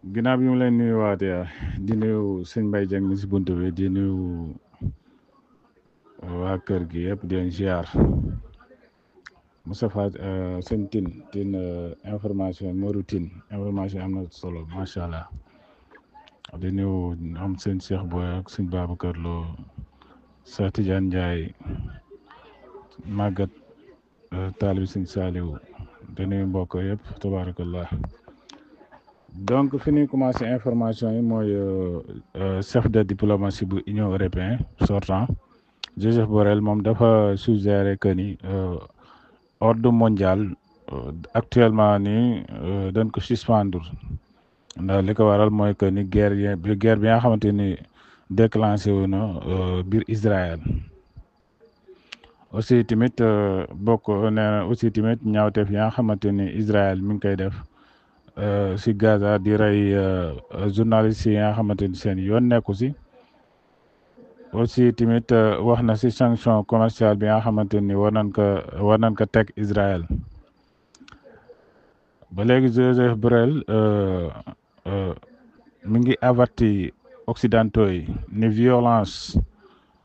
Gina bi mu leen ya, di nuyu sëñ Mbaye Dieng mi si bunt bi di nuyu waa kër gi yëpp di leen ziar Moustapha euh, sëñ tin tin euh, information Modou tin information am na solo macha allah di nuyu am sëñ Cheikh Boy ak sëñ Babacar Lo Cheikh Tidiane Ndiaye màggat euh, taalibi sëñ Saliou di nuyu mbokk yëpp tabarakallah donc fi ñuy commencé information yi mooy euh, euh, chef de diplomatie bu Union européenne sortant Joseph Borrell moom dafa suggéré que ni euh, ordre mondial actuellement ni dañ ko suspendre ndax li ko waral mooy que ni guerre bi guerre bi nga xamante ni déclenché wu na biir Israël aussi tamit bokk nee aussi tamit ñaawteef yi nga xamante ni Israël mi ngi koy def. Euh, si Gaza di rey euh, journaliste yi nga xamante ni seen yoon nekku si aussi tamit euh, wax na si sanction commerciale bi nga xamante ni war nañ ko war nañ ko teg Israël ba léegi Joseph Borrell mi ngi avati occidentaux yi ni violence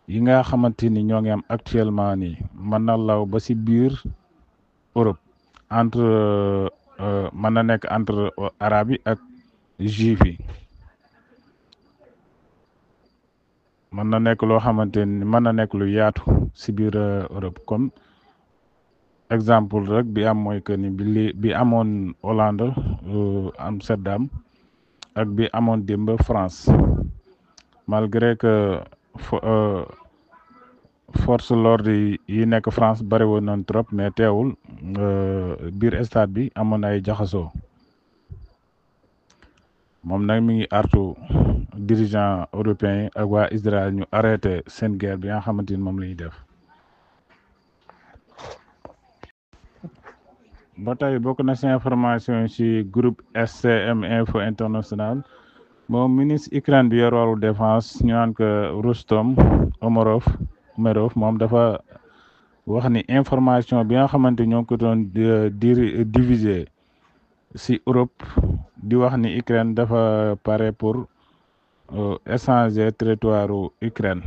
yi nga xamante ni ñoo ngi am actuellement nii mën na law ba si biir Europe entre Euh, mën na Arabi entre euh, arabi ak jivi man na nek lo xamanteni man na nek lu yaatu ci biir euh, Europe comme exemple rek bi am moy que bi Hollande Amsterdam ak bi amone dembe France malgré que force l'ordre yi nekk France bari woon nañ trop mais teewul euh, biir stade bi amoon ay jaxasoo moom nag mi ngi artu dirigeant européen yi ak waa Israël ñu arrêté seen guerre bi nga xamante ni moom la def ba bokk na si information ci groupe SCM info international moom ministre Ukraine bi yor wàllu défense ñu naan Rustom Omorov Merov moom dafa wax ni information bi nga xamante ñoo ko doon euh, di diviser si Europe di wax ni Ukraine dafa pare pour euh, échanger territoire u Ukraine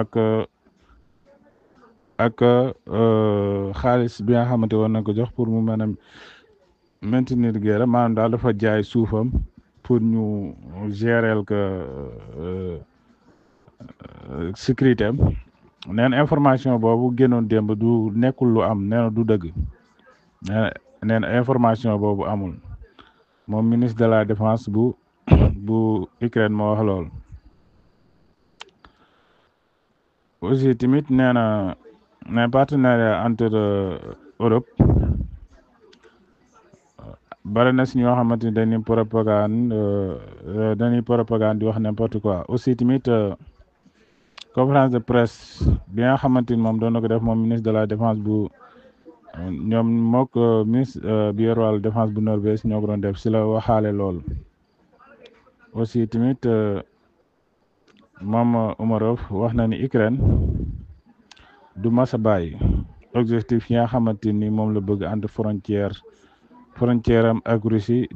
ak euh, ak xaalis bi nga xamante war na ko jox pour mu mën a maintenir guerre maanaam daal dafa jaay suufam pour ñu gérer que sécurité am neen information boobu génnoon démb du nekkul lu am nee du dëgg nee neen information boobu amul moom ministre de la défense bu bu Ukraine moo wax lool aussi tamit nee na ne partenariat entre euh, Europe euh, bare na si ñoo xamante ni dañuy propagande euh, dañuy propagande di wax n'importe quoi aussi tamit conférence de presse bi nga xamanteni ni moom doon na ko def moom ministre de la défense bu ñoom mook euh, ministre euh, bi yor défense bu Norvège ñoo ko doon def si la waxaale lool aussi tamit euh, moom Umarov wax na ni Ukraine du masa bàyyi objectif yi nga xamante ni moom la bëgg ànd frontière frontière am ak Russie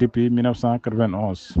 depuis 1991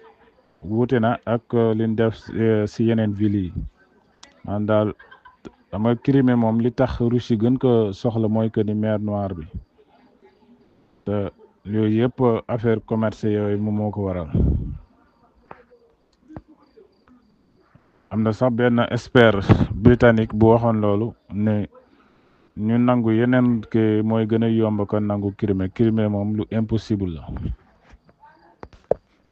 wuute na ak euh, liñ def euh, si yeneen ville yi daal ama Crimée moom li tax Russie gën ko soxla mooy que ni mer Noire bi te yooyu yëpp euh, affaire commerce yooyu moom moo ko waral am na sax benn expert britannique bu waxoon loolu ne ñu nangu yeneen ke mooy gën a yomb ko nangu Crimée Crimée moom lu impossible la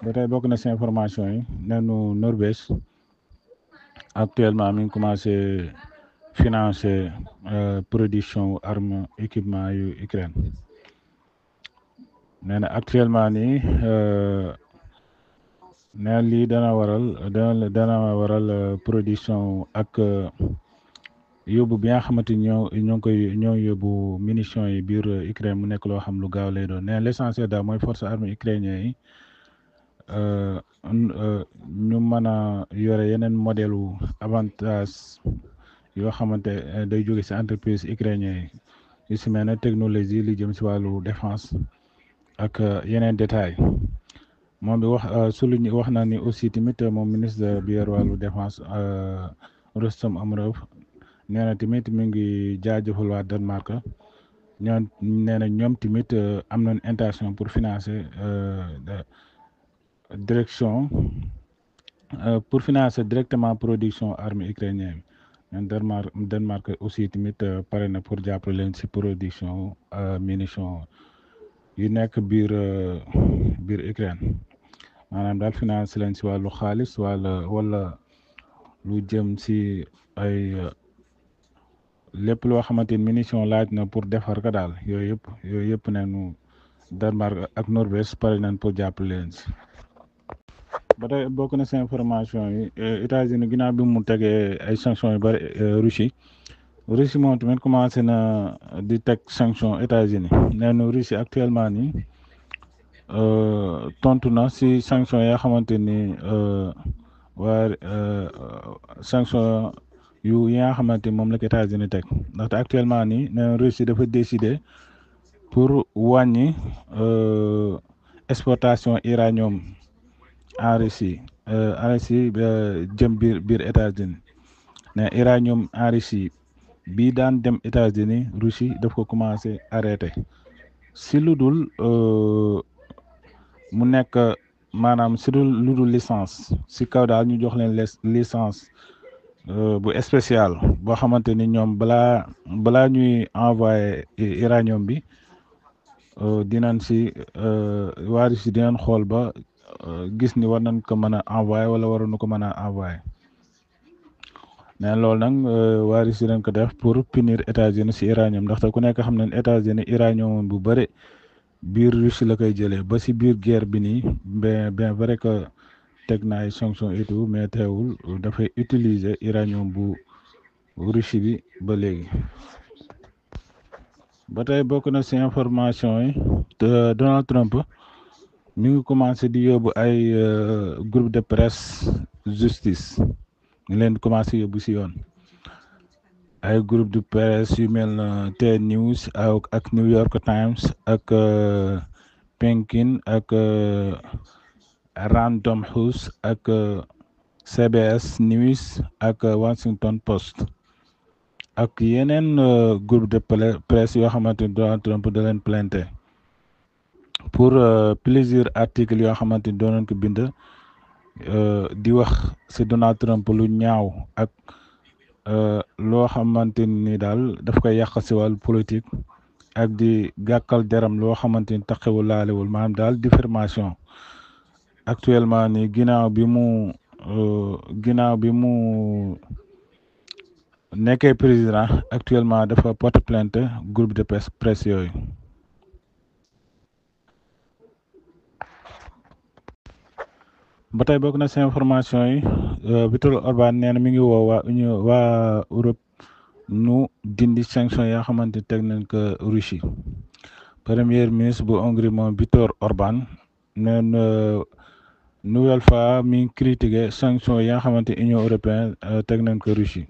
ba tey na si information yi neenu Norvège actuellement mi ngi commencé financer euh, production arme équipement yu Ukraine nee na actuellement nii euh, neen lii dana waral dana dana waral euh, production ak yóbbu bi nga xamante ni ñoo ñoo ngi koy ñoo yóbbu munitions yi biir Ukraine mu nekk loo xam lu gaaw lay doon neen l'essentiel daal mooy force armée ukrainienne yi Euh, euh, ñu mën a yore yeneen modelu u avantage yoo xamante euh, day jóge ci entreprise ukrainien yi yu si technologie li jëm si wàllu défense ak yeneen détail moom bi wax suluñ wax na ni aussi tamit moom ministre bi yor wàllu défense Rustem Umerov nee na tamit mi ngi jaajëfal waa Danemark ñoom na ñoom tamit am nañ intention pour financer direction euh, pour financer directement production arme ukrainienne bi euh, Danemark Danemark aussi tamit euh, pare na pour jàppale leen ci production munition yu nekk biir biir Ukraine maanaam daal finance leen ci wàllu xaalis wala wala lu jëm si ay lépp loo xamante ni munition laaj na pour defar ko daal yooyu yëpp yooyu yëpp ne nu Danemark ak Norvège pare nañ pour jàppale leen ci ba tey bokk na si information yi eh, États-Unis ginnaaw bi mu tegee ay sanctions yu bëri eh, Russie Russie moom tamit commencé na eh, di teg sanction États-Unis nee na Russie actuellement nii tontu na si sanction yaa xamante ni waa sanction yu yi nga xamante ni moom la ko États-Unis teg ndaxte actuellement ni nee na Russie dafa décider pour wàññi exportation uranium. Arisi, euh, en eh, Russie jëm bir biir États-Unis ne iranium, Arisi, Russie daan dem États-Unis Russie daf ko commencé arrêté si ludul euh, mu nekk maanaam si lu licence si kaw daal ñu jox leen licence eh, bu spécial boo xamante ni ñoom balaa balaa ñuy envoyé uranium bi eh, dinañ si waa Russie dinañ xool ba Euh, gis ni war nañ ko mën a envoyé wala waroon ko mën a envoyé mais loolu nag euh, waa Russie dañ ko def pour punir États-Unis si uranium ndaxte ku nekk xam nañ États-Unis uranium bu bëri biir Russie la koy jëlee ba si biir guerre bi nii bien bien vrai que teg na ay sanctions et tout dafa utiliser uranium bu russi bi ba léegi. ba tey bokk na si information euh, Donald Trump. ñu ngi commencé di yóbbu ay groupe de presse justice ñu leen commencé yóbbu si yoon ay groupe de presse yu mel na T News ak ak New York Times ak Penkin ak Random House ak euh, CBS News ak euh, Washington Post ak yeneen euh, groupe de presse yoo xamante ni Donald Trump da leen planté. pour euh, plusieurs articles yoo xamante ni doonoon ko bind euh, di wax si Donald Trump lu ñaaw ak euh, loo xamante ni daal daf koy yàq si wàllu politique ak di gàkkal deram loo xamante ni taxewul laalewul maanaam daal diffamation actuellement ni ginnaaw bi mu ginnaaw bi mu nekkee président actuellement dafa porte plainte groupe de presse presse yooyu ba tey bokk na si information yi euh, Viktor Orban nee na mi ngi woo waa union waa Europe nu dindi sanction yaa xamante teg nañ ko Russie premier ministre bu Hongrie moom vitor Orban nee na euh, nouvelle fois mi ngi critiqué sanction yaa xamante union européenne euh, teg nañ ko Russie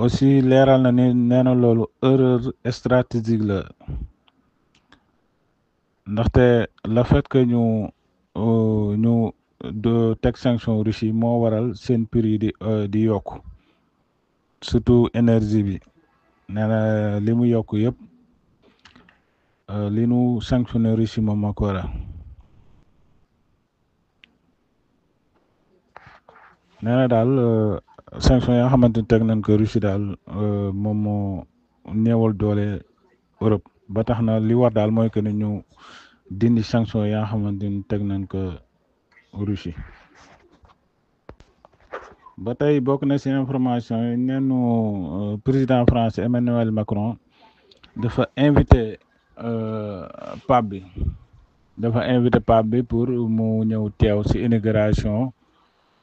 aussi leeral na ni nee na loolu erreur stratégique la ndaxte le fait que ñu ñu de teg sanction Russie moo waral seen prix yi di euh, di yokk surtout énergie bi nena li mu yokk yëpp euh, li nu sanctionné Russie moom moo ko waral daal euh, sanction yi nga xamante ni teg nañ ko Russie daal moom moo néewal doole Europe ba tax na li war daal mooy que ni ñu dindi sanction yi nga xamante ni teg nañ ko. Russie ba tey bokk na si information yi neenu euh, président français Emmanuel Macron dafa invité euh, pape dafa invité pape bi pour mu ñëw teew ci inauguration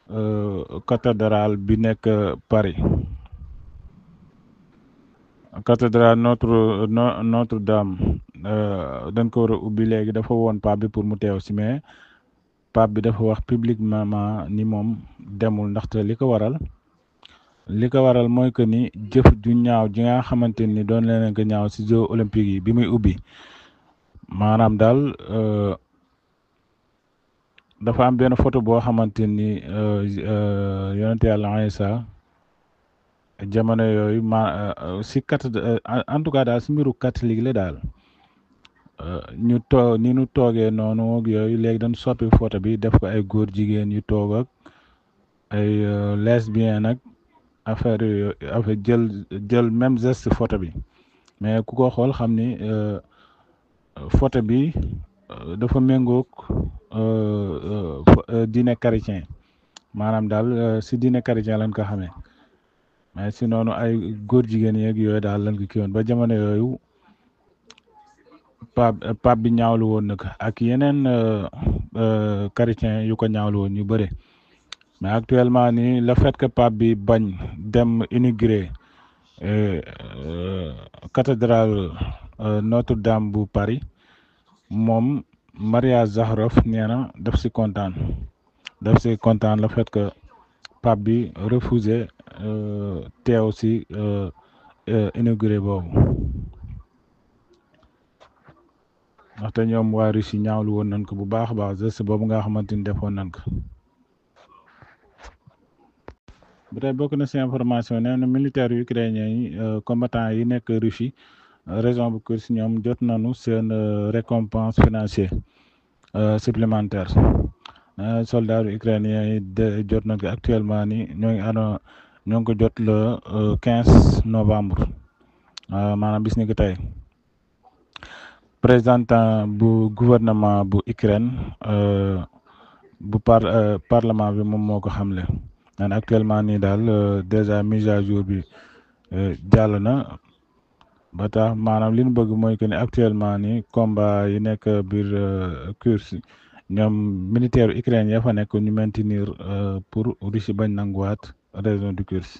euh, cathédrale bi nekk Paris cathédrale notre Notre-Dame dañ ko war dafa woon pape pour mu teew ci mais pape bi dafa wax publiquement ma ni moom demul ndaxte li ko waral li ko waral mooy que ni jëf ju ñaaw ji nga xamante ni doon leneen ko ñaaw ci jeux olympiques yi bi muy ubbi maanaam daal euh, dafa am benn photo boo xamante ni euh, yonente yàlla jamono ma si euh, kat en tout cas daal si mbiru catholique la daal گیا نو ن گٹ گر جیگی لس بھی فٹابی کل ہم فٹابی مینگو کاری چاہیں مار دال کاری چاہیں لنکا ہمیں گر جیگنی ڈال لنکن بھائی جمعے کریںل برے میں لفید کے پابی بنو گرے در نوتو پاری مم مریا زہرف نیا دبش کونتان دفشی کو لفیت کا پابی رفوزے تھی گرے بو ndaxte ñoom waa Russie ñaawlu woon nañ ko bu baax a baax geste boobu nga xamante ni defoon nañ ko bu tey bokk na si information nee na militaire ukrainien yi euh, combattant yi nekk Russie euh, région bu kër si ñoom jot nañu seen euh, récompense financière supplémentaire soldats ukrainien yi jot nañ ko actuellement ni ñoo ngi ano ñoo ngi ko jot le 15 novembre maanaam bis ni ko tey présentant bu gouvernement bu Ukraine euh, bu par euh, parlement bi moom moo ko xamle naan actuellement nii daal euh, déjà mise à jour bi jàll na ba tax maanaam li bëgg mooy que ni actuellement nii combat yi nekk biir Kursk ñoom militaire Ukraine ya fa nekk ñu maintenir pour Russie bañ nanguwaat région du Kursk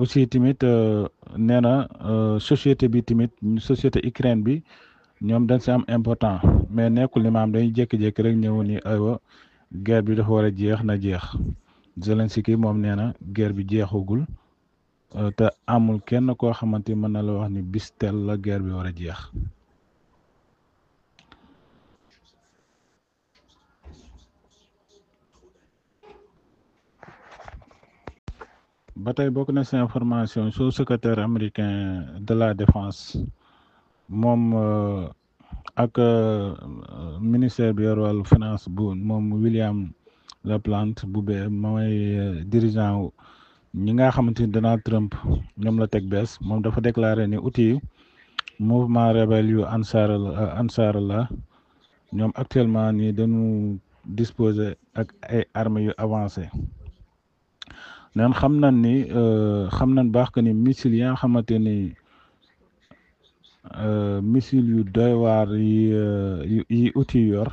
aussi tamit euh, nee na euh, société bi tamit société Ukraine bi ñoom dañ si am important mais nekkul ni maam dañuy jékki-jékki rek ñëw ni wa guerre bi dafa war a jeex na jeex jelensiki moom nee na guerre bi jeexagul euh, te amul kenn koo xamante mën na la wax ni bis tel la guerre bi war a jeex. ba tey bokk na si information sous secretaire américain de la défence moom euh, ak euh, ministère bi yor wàllu finance bu moom William Laplante bu bee mooy euh, dirigeant ñi nga xamante ni Donald Trump ñoom la teg bees moom dafa déclaré ni outil mouvement rebelle yu ansaar la ñoom actuellement nii dañu disposer ak ay armes yu avancées. neen xam nañ ni euh, xam nañ baax que ni missile yi nga xamante ni euh, missile yu doy waar yi euh, yi outil yor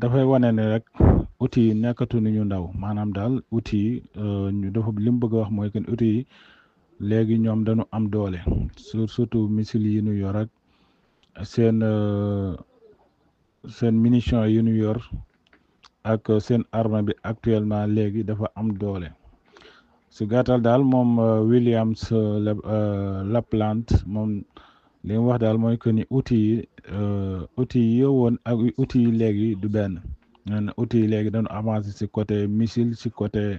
dafay wane ne rek outil yi nekkatu ni ñu ndaw maanaam daal outil yi dafa li mu bëgg a wax mooy que outil yi léegi ñoom dañu am doole surtout missil yi ñu yor ak seen seen munitions yi nu yor. ak sen armée bi actuellement l'aiguille dafa am doole si gâteau d'Allemagne, euh, Williams euh, euh, Laplante plante wax outils outils outils du ben outils dañu côté missile ci côté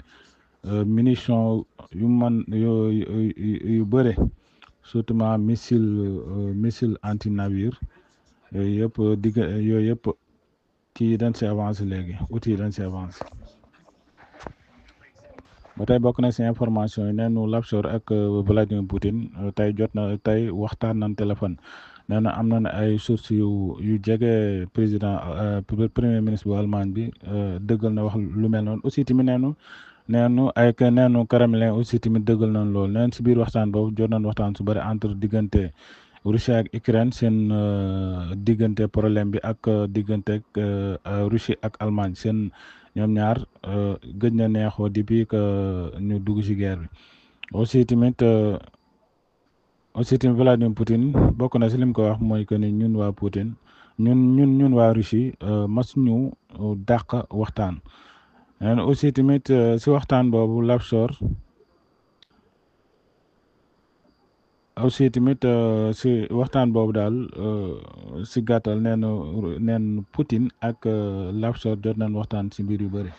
yu man yu missile missile anti navire kii dañ si avancé léegi outil yi dañ si avancé ba tey bokk na si information yi neenu Lapsor ak euh, Vladimir Poutine euh, tey jot na tey waxtaan nañ téléphone nee na am na ay source yu yu jege président euh, premier ministre bu Allemagne bi dëggal na wax lu mel noon aussi tamit neenu neenu ay neenu Kremlin aussi tamit dëggal nañ loolu neen si biir waxtaan boobu jot nañ waxtaan su bëri entre diggante Russie ak Ukraine seen uh, digënté problème bi ak digënté uh, diggante uh, Russie ak Allemagne sen ñom ñaar gëj na neexoo depuis que ñu dugg ci guerre bi aussi tamit aussi tim Vladimir Poutine bokku na ci lim ko wax moy que ñun wa Poutine ñun ñun ñun wa Russie mas ñu dakk waxtaan aussi tamit ci waxtaan bobu Lavrov aussi tamit euh, si waxtaan boobu daal euh, si gàttal nee na neen Poutine ak euh, Lapsor jot nañ waxtaan si mbir yu bëri.